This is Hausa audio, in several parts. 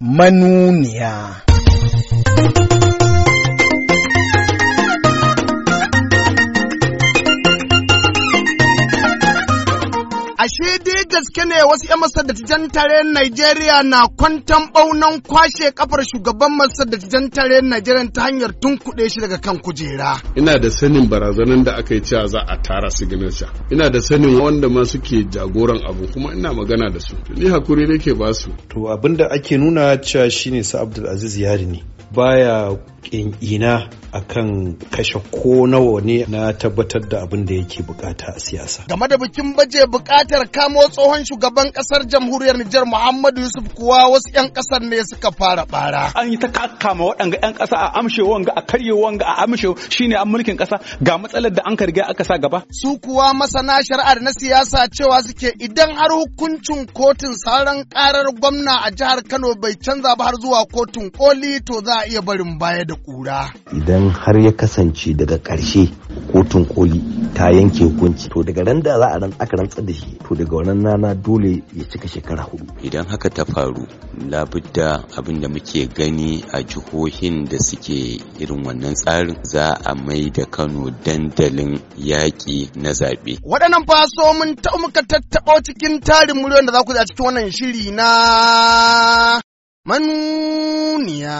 manuniya. ashe gaske ne wasu 'yan jan tare Najeriya na kwantan 'baunan kwashe kafar shugaban jan tare Najeriya ta hanyar tunkuɗe shi daga kan kujera. Ina da sanin barazanar da aka yi cewa za a tara sa, Ina da sanin wanda ma suke jagoran abu kuma ina magana da su. Ni hakuri nake ba su. To abin da ake nuna cewa shine su Abdul Aziz Yari ne. Baya a kan kashe ko nawa ne na tabbatar da abin da yake bukata a siyasa. Game da bikin baje bukatar kamo tsohon shugaban kasar jamhuriyar Nijar Muhammadu Yusuf kuwa wasu 'yan kasar ne suka fara bara. An yi ta ma waɗanga 'yan ƙasa a amshe wanga a karye wanga a amshe shine an mulkin ƙasa ga matsalar da an karge aka sa gaba. Su kuwa masana shari'ar na siyasa cewa suke idan har hukuncin kotun sauran karar gwamna a jihar Kano bai canza ba har zuwa kotun koli to za a iya barin baya da kura Idan har ya kasance daga ƙarshe kotun koli ta yanke hukunci to daga ran da za a ran aka rantsar da shi to daga wannan nana dole ya cika shekara hudu. Idan haka ta faru labudda abin da muke gani a jihohin da suke irin wannan tsarin za a mai da Kano dandalin yaƙi na zaɓe. Waɗannan faso mun ta muka tattaba cikin tarin miliyon da za ku a cikin wannan shiri na manuniya.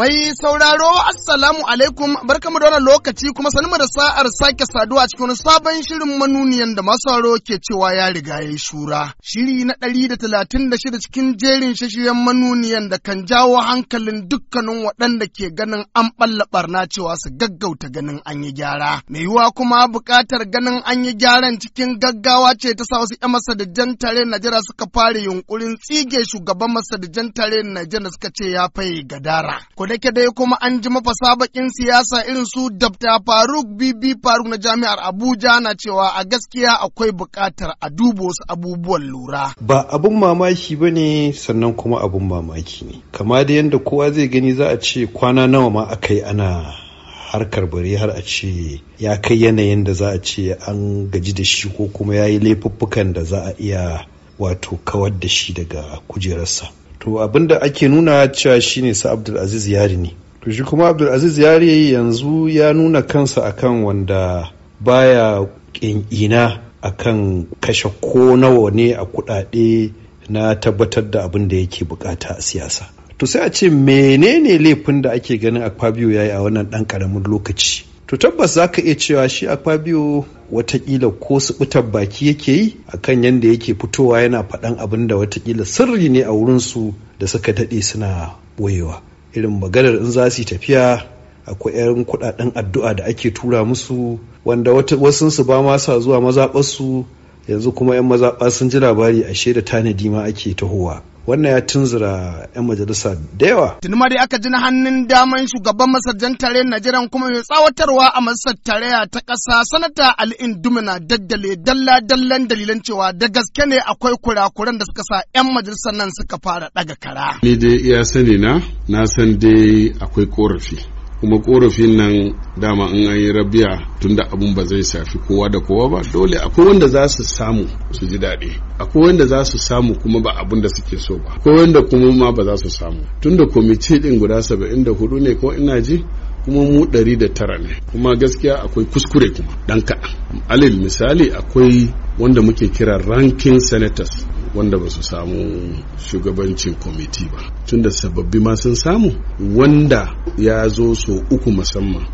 Mai sauraro Assalamu alaikum barkamu da wannan lokaci kuma sanin da sa'ar sake saduwa cikin sabon shirin manuniyan da masu sauraro ke cewa ya riga ya shura. Shiri na ɗari da talatin da shida cikin jerin shashiyan manuniyan da kan jawo hankalin dukkanin waɗanda ke ganin an ɓalla ɓarna cewa su gaggauta ganin an yi gyara. Mai yiwuwa kuma buƙatar ganin an yi gyaran cikin gaggawa ce ta sa wasu 'yan masadajan tare jira suka fara yunkurin tsige shugaban masadajan tare na jira suka ce ya faye gadara. kwadake dai kuma an ji mafasa bakin siyasa irin su Dabta Faruk Bibi Faruk na Jami'ar Abuja na cewa a gaskiya akwai buƙatar a duba wasu abubuwan lura. Ba abun mamaki ba ne sannan kuma abun mamaki ne. Kama da yadda kowa zai gani za a ce kwana nawa ma aka yi ana harkar bari har a ce ya kai yanayin da za a ce an gaji da shi ko kuma ya yi laifuffukan da za a iya wato kawar da shi daga kujerarsa. to abinda ake nuna cewa shine su abdulaziz yari ne to shi kuma abdulaziz yari yanzu ya nuna kansa akan wanda baya kin'ina akan kashe ko nawa ne a kuɗaɗe na tabbatar da abin da yake bukata a siyasa to sai a ce menene laifin da ake ganin akpabio ya yi a wannan ɗan karamin lokaci to tabbas za ka iya cewa shi a fabio watakila ko subutar baki yake yi a kan yadda yake fitowa yana faɗan abin da watakila sirri ne a wurinsu da suka daɗe suna boyewa irin maganar in za su yi tafiya akwai 'yan kuɗaɗen addu'a da ake tura musu wanda wasu su ba ma sa zuwa mazaɓarsu yanzu kuma 'yan mazaɓa sun ji labari ashe da tanadi ma ake tahowa wannan ya tunzura 'yan majalisa da yawa. Tuni dai aka ji na hannun daman shugaban masarjan tare Najeriya kuma mai tsawatarwa a masar tarayya ta ƙasa sanata Ali Dumina na daddale dalla dallan dalilan cewa da gaske ne akwai kurakuran da suka sa 'yan majalisar nan suka fara ɗaga kara. Ni dai iya sani na, na san dai akwai ƙorafi. kuma korafin nan dama in an yi rabia tunda abun ba zai shafi kowa da kowa ba dole akwai wanda za su samu su ji daɗi akwai wanda za su samu kuma ba abun da suke so ba akwai wanda kuma ma ba za su samu tunda kwamiti din guda saba'in da hudu ne ko ina ji kuma mu ɗari da tara ne kuma gaskiya akwai kuskure kuma ɗan kaɗan alil misali akwai wanda muke kira ranking senators wanda ba su samu shugabancin kwamiti ba tunda sababbi ma sun samu wanda ya zo so uku musamman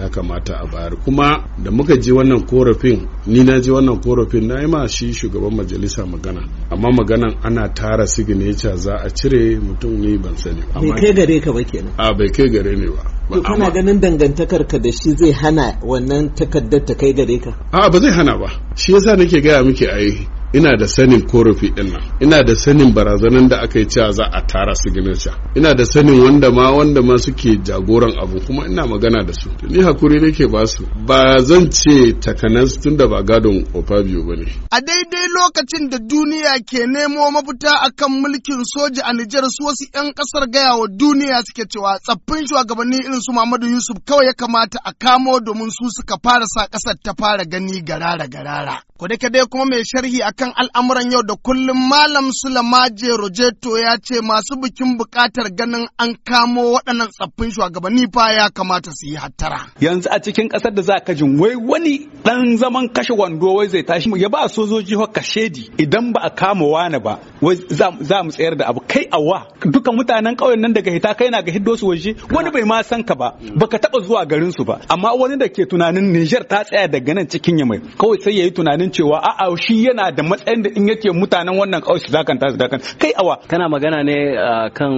ya kamata a bayar kuma da muka ji wannan korafin ni na ji wannan korafin na yi ma shi shugaban majalisa magana amma maganan ana tara signature za a cire mutum ne ban sani bai kai gare ka ba kenan a bai kai gare ne ba to kana ganin dangantakar ka da shi zai hana wannan takardar ta kai gare ka a ba zai hana ba shi yasa nake gaya miki ai ina da sanin korafi ɗin ina da sanin barazanan da aka yi cewa za a tara signature ina da sanin wanda ma wanda ma suke jagoran abu kuma ina magana da su ni hakuri nake ba su ba zan ce takanas tun da ba gadon Opabio ba ne a daidai lokacin da duniya ke nemo mafita akan mulkin soja a Nijar su wasu 'yan kasar gaya wa duniya suke cewa tsaffin shugabanni irin su Muhammadu Yusuf kawai ya kamata a kamo domin su suka fara sa kasar ta fara gani garara garara Ko da dai kuma mai sharhi akan al'amuran yau da kullum Malam Sulema Rojeto ya ce masu bikin buƙatar ganin an kamo waɗannan tsaffin shugabanni fa ya kamata su yi hattara. Yanzu a cikin ƙasar da za ka jin wai wani ɗan zaman kashe wando wai zai tashi ya ba sojoji haka shedi idan ba a kama wani ba wai za mu tsayar da abu kai awa duka mutanen ƙauyen nan daga hita kai na ga hiddo su waje wani bai ma san ka ba baka taɓa zuwa garin su ba amma wani da ke tunanin Niger ta tsaya daga nan cikin Yamai kawai sai yayi tunanin cewa a'a shi yana da matsayin da in yake mutanen wannan ƙauye su ta. su kai awa kana magana ne kan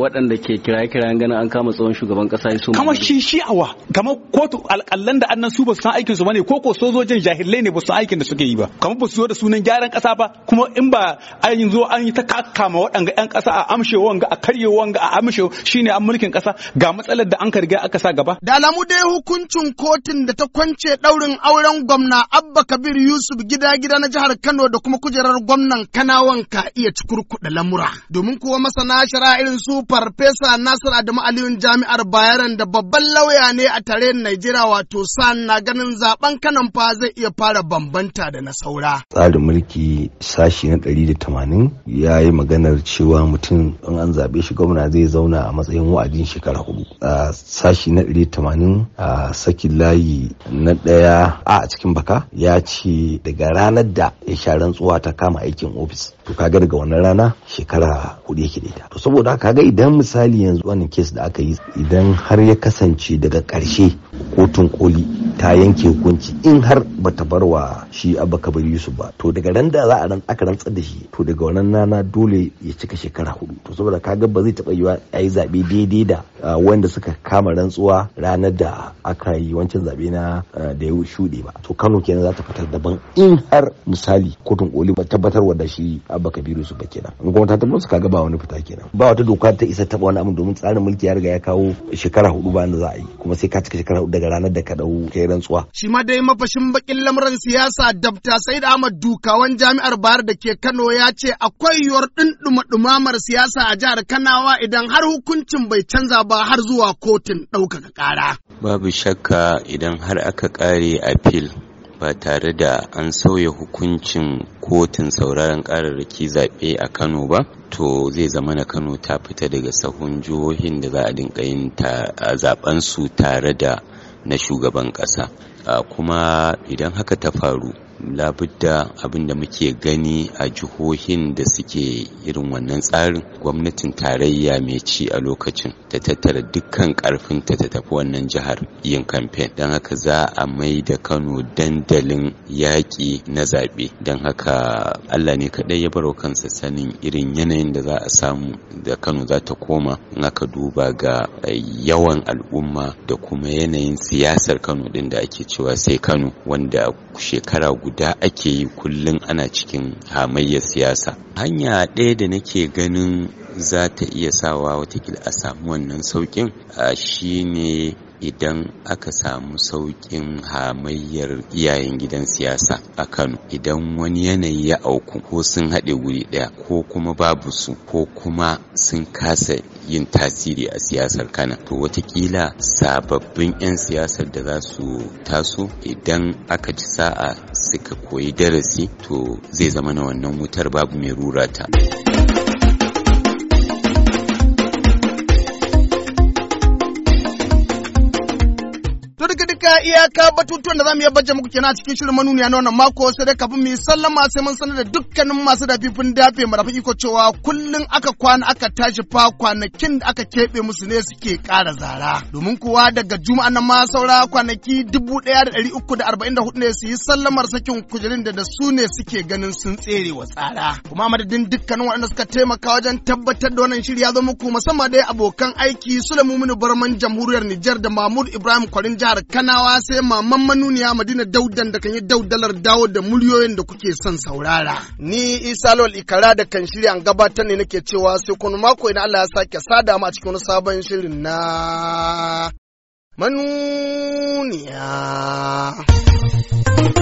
waɗanda ke kiraye kirayen ganin an kama tsohon shugaban ƙasa su kama shi shi awa kamar kotu alƙallan da annan su ba su san aikin su bane ko ko sojojin jahilai ne ba su aikin da suke yi ba kamar ba su zo da sunan gyaran ƙasa ba kuma in ba ayin zo an yi ta kama waɗanga 'yan ƙasa a amshe wanga a karye wanga a amshe shine an mulkin ƙasa ga matsalar da an karga aka sa gaba da alamu dai hukuncin kotun da ta kwance ɗaurin auren gwamna abba Kabir Yusuf gida-gida na jihar Kano da kuma kujerar gwamnan Kanawan ka iya kuɗa lamura. Domin kuwa masana irin su Farfesa Nasir Adamu Aliyun Jami'ar Bayaran da babban lauya ne a tare Najeriya wato San na ganin zaben Kanon fa zai iya fara bambanta da na saura. Tsarin mulki sashi na ɗari da tamanin ya yi maganar cewa mutum in an zaɓe shi gwamna zai zauna a matsayin wa'adin shekara hudu. A sashi na ɗari da tamanin a sakin layi na ɗaya a cikin baka ya ce daga ranar da ya sha rantsuwa ta kama aikin ofis to kaga daga wannan rana shekara hudu yake da ita to saboda kaga idan misali yanzu wannan kes da aka yi idan har ya kasance daga karshe kotun koli ta yanke hukunci in har bata bar wa shi abba kabir yusuf ba to daga ran da za a ran aka rantsar da shi to daga wannan rana dole ya cika shekara hudu to saboda kaga ba zai taba yiwa zaɓe zabe daidai da Uh, wanda suka kama rantsuwa ranar da aka yi wancan zaɓe na uh, da ya shuɗe ba to kano kenan za ta fitar daban in har misali kotun koli ba tabbatarwa da shi abba kabiru su ba kenan in kuma ta tabbatar kaga ba wani fita kenan ba wata doka ta isa taɓa wani abu domin tsarin mulki ya riga ya kawo shekara hudu ba da za a yi kuma sai ka cika shekara hudu daga ranar da ka dau kai rantsuwa shi ma dai mafashin bakin lamuran siyasa dabta sa'id Ahmad Dukawan jami'ar Bayar da ke Kano ya ce akwai yuwar ɗin dumamar siyasa a jihar Kanawa idan har hukuncin bai canza ba Ba har zuwa kotun ɗaukaka ƙara. Babu shakka idan har aka ƙare apil ba tare da an sauya hukuncin kotun sauraron ƙararraki zaɓe a kano ba to zai zama na kano ta fita daga sahun jihohin da za a dinka yin zaben su tare da na shugaban ƙasa kuma idan haka ta faru labudda abin da muke gani a jihohin da suke irin wannan tsarin gwamnatin tarayya mai ci a lokacin ta tattara dukkan karfin ta tafi wannan jihar yin kamfen don haka za a mai da kano dandalin yaƙi na zaɓe don haka allah ne kaɗai ya baro kansa sanin irin yanayin da za a samu da kano za ta koma in aka duba ga eh, yawan al'umma da kuma yanayin siyasar kano ɗin da ake cewa sai kano wanda shekara guda guda ake yi kullum ana cikin hamayyar siyasa hanya ɗaya da nake ganin za ta iya sawa watakila a samu wannan sauƙin shine idan aka samu sauƙin hamayyar iyayen gidan siyasa a kano idan wani yanayi ya auku ko sun haɗe wuri ɗaya ko kuma babu su ko kuma sun kasa yin tasiri a siyasar kana to watakila sababbin 'yan siyasar da za su taso idan aka ci sa'a suka koyi darasi to zai zama na wannan wutar babu mai rurata. haka iyaka batutuwan da zamu iya baje muku kenan a cikin shirin manuniya na wannan mako sai dai kafin mu sallama sai mun sanar da dukkanin masu dafifin dafe marafin iko cewa kullun aka kwana aka tashi fa kwanakin da aka kebe musu ne suke ƙara zara domin kuwa daga juma'a nan ma saura kwanaki dubu ne su yi sallamar sakin kujerun da da su ne suke ganin sun tsere wa tsara kuma madadin dukkanin waɗanda suka taimaka wajen tabbatar da wannan shiri ya zo muku musamman dai abokan aiki Sulaimu Barman jamhuriyar Nijar da Mahmud Ibrahim Kwarin jihar Kano Kanawa sai maman manuniya Madina Daudan da kan yi daudalar dawo da muryoyin da kuke son saurara. Ni Isa Lawal Ikara da kan shirya gabatar ne nake cewa sai kuma mako idan Allah ya sake sada mu a cikin wani sabon shirin na manuniya.